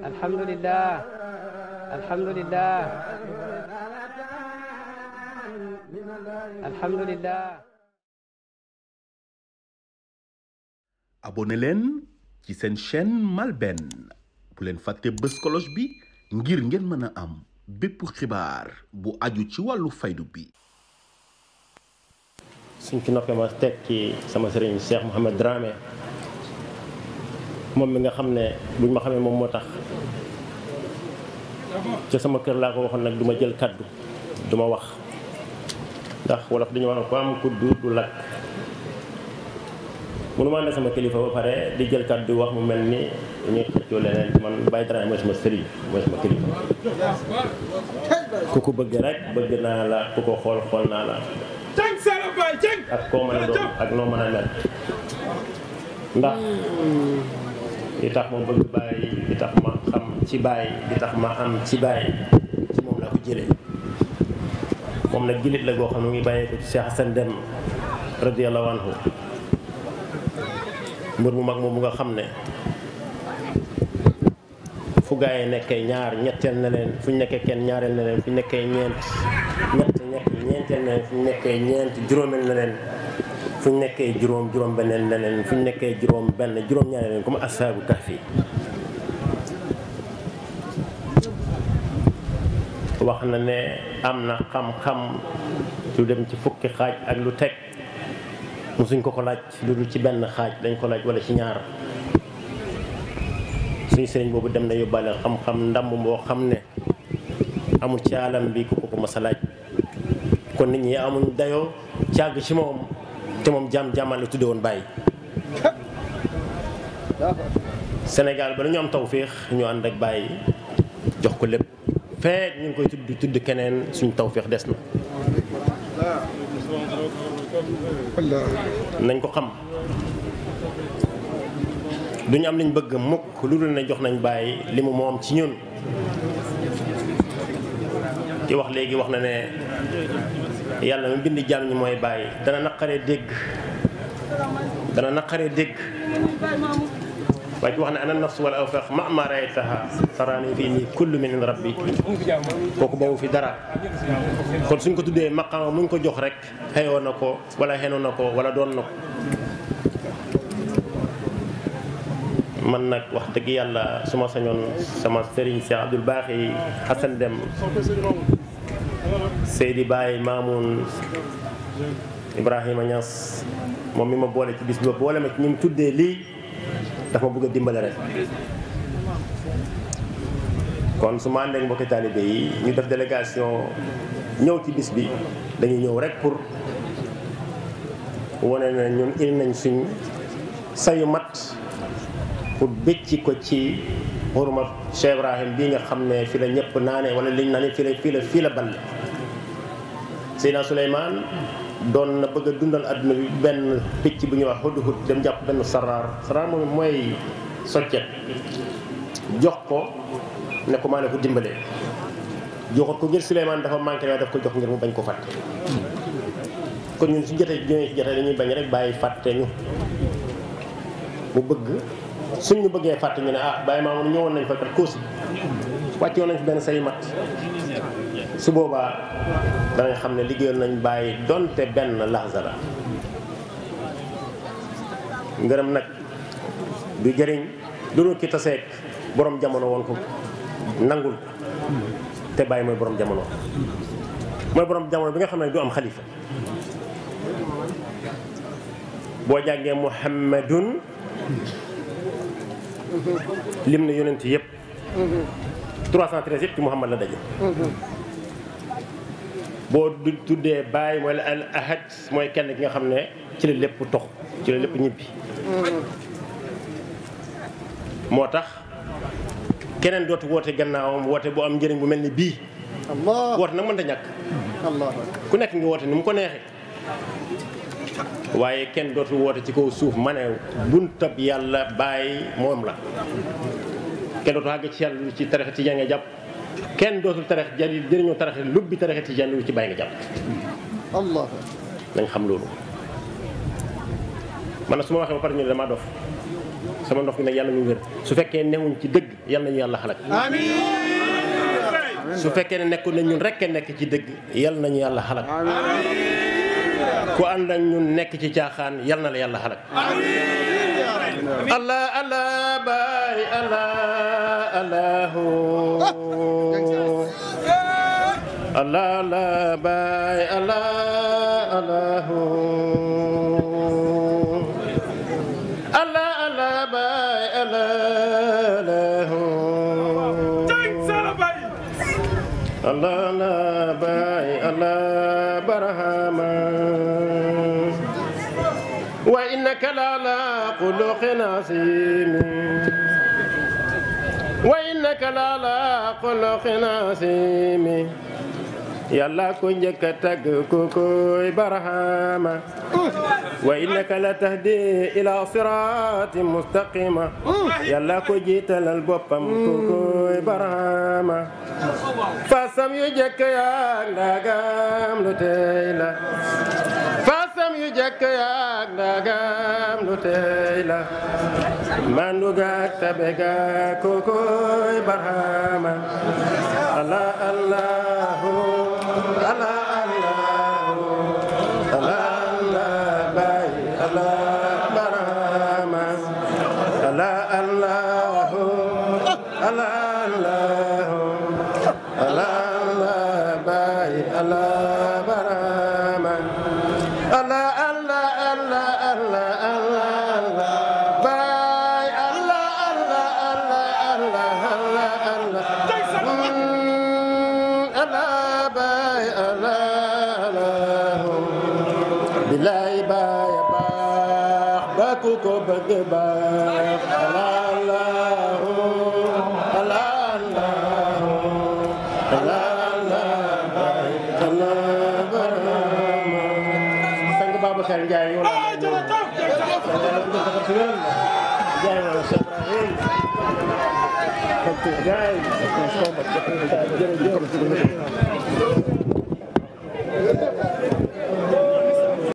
alhamdulilah alhamdulilah alhamdulilah abonné leen ci seen chen malben bu leen fàtte bës cloche bi ngir ngeen mën a am bépp xibaar bu aju ci wàllu faydu bi suñ ci noppee ma teg ci sama sëriñ Cheikh Mouhamed Dramé moom mi nga xam ne buñ ma xamee moom moo tax ca sama kër laa ko waxoon nag du ma jël kaddu du ma wax ndax wolof dañu wax ne ko am kuddu du lakk mënu maa sama kilifa ba pare di jël kaddu wax mu mel ni dañuy xëccoo leneen man Baye Dramé mooy sama sëriñ mooy sama kilifa ku ko bëgg rek bëgg naa la ku ko xool xool naa la ak koo mën a doon ak noo mën a mel ndax hmm. li tax ma bëgg bàyyi li tax ma xam ci bàyyi li tax ma am ci bàyyi ci moom laa ko jëlee moom nag jullit la goo xam ne mu ngi bàyyee ko ci Cheikh Hassane Dème radiyallahu anhu mbër mu mag moom bu nga xam ne fu gaa yi nekkee ñaar ñetteel na leen fu ñu nekkee kenn ñaareel na leen fu ñu nekkee ñeent ñett ñett ñeenteel na leen fu ñu nekkee ñeent juróomeel na leen fu ñu nekkee juróom juróom beneen leneen fu ñu nekkee juróom benn juróom ñaari leneen comme asaabu kahfi wax ne am na xam-xam dem ci fukki xaaj ak lu teg musuñ ko ko laaj lu dul ci benn xaaj dañ ko laaj wala ci ñaar suñu sëriñ boobu dem na yóbbaale xam-xam ndàmb boo xam ne amul ci alam bi ku ko ko mas laaj kon nit ñi amuñ dayoo càgg ci moom te moom jaam jaamaan la tudde woon bàyyi Sénégal ba la ñu am tawféex ñu ànd ak bàyyi jox ko lépp fee ñu ngi koy tudd tudd keneen suñu tawféex des na nañ ko xam duñu am liñ bëgg mukk lu dul ne jox nañu bàyyi li mu moom ci ñun ki wax léegi wax na ne yàlla mi bind jaam ñi mooy bàyyi dana naqaree dégg dana naqaree dégg waaye ki wax na ana nafs wala awfaq ma ma raytaha taraani fii nii kullu min indi rabbi kooku boobu fi dara kon suñ ko tuddee maqaama mu ñu ko jox rek xëyoon ko wala xenu na ko wala doon na ko man nag wax dëgg yàlla suma sañoon sama sëriñ Cheikh baax Baaxi Xasan Dem Seydi Baye Mamoun ibrahim Niass moom mi ma boole ci bis bi boole ma ci ni tuddee lii dafa bëgg a dimbale rek kon su ma àndeek mbokki taalibe yi ñu def délégation ñëw ci bis bi dañuy ñëw rek pour wone na ñun il nañ suñ sayu mat pour bëcc ko ci xurma Cheikh Ibrahim bii nga xam ne fii la ñëpp naane wala li naane fii la fii la bal la Seydina Souleymane doon na bëgg a dundal àdduna bi benn picc bu ñuy wax hudhud dem jàpp benn saraar saraar moom mooy soccet jox ko ne ko maa ne ko dimbale joxut ko ngir Souleymane dafa manqué waaye ko jox bañ ko fàtte kon ñun su jotee ñooñu si dañuy bañ rek bàyyi fàtte ñu mu bëgg suñ ñu bëggee fàtte ñu ne ah bàyyi maamoon ñëwoon nañ fa kat kóosi wàcce woon nañ fi benn say mat su boobaa danañ xam ne liggéeyal nañ bàyyi donte benn laxza la ngërëm nag du jëriñ du dul ki taseek borom jamono woon ko nangul te bàyyi mooy borom jamono mooy borom jamono bi nga xam ne du am xalifa boo jàngee muhammadun lim na yonent yëpp 313 yëpp ci muhammad la daje boo du tuddee baay wala al ahad mooy kenn ki nga xam ne ci la lépp tox ci la lépp ñibbi mm. moo tax keneen dootu woote gannaawam woote bu am njëriñ bu mel ni bii woote nag mënta ñàkk ku nekk nga woote ni mu ko neexee waaye kenn dootu woote ci kaw suuf ma ne buntab yàlla bàyyi moom la kenn dootu àgg ci yàlla ci tarixa ci jànge jàpp kenn dootul tarax jali jëriñoo tarax lubbi taraxe tijaan lu ci bàyyi nga jàpp allah nañ xam loolu man na su ma waxee ba pare ñu damaa dof sama ndox gi nag yàlla ñu wér su fekkee newuñ ci dëgg yàlla nañu yàlla xalak amiin fekkee ne nekkoon nañ ñun rekk nekk ci dëgg yàlla nañu yàlla xalak ku ànd ak ñun nekk ci caaxaan yal na la yàlla xalak allah allah baay allah له الله لا باي الله له الله لا باي الله له الله لا باي الله برهما وإنك لعلى خلق عظيم innaka laalaa xuluqin asiimi yàlla ko njëkk a tagg ku koy barahama wa innaka la tahdi ila siraatin mustaqima yàlla ko jiitalal boppam ku koy barahama fasam yu jëkk yaag ndaagam lu tey la fekk yaag ndagam lu tey la mandu gaag tabe gaag kokoy barhama allah allahu allah allahu allah allah bay allah barhama allah allahu allah allahu ba ku ko bëgg ba alaalaahu alaalaahu alaalaahu sang Babacar Ndiaye yow laa lay ah, ñëw jërëjëf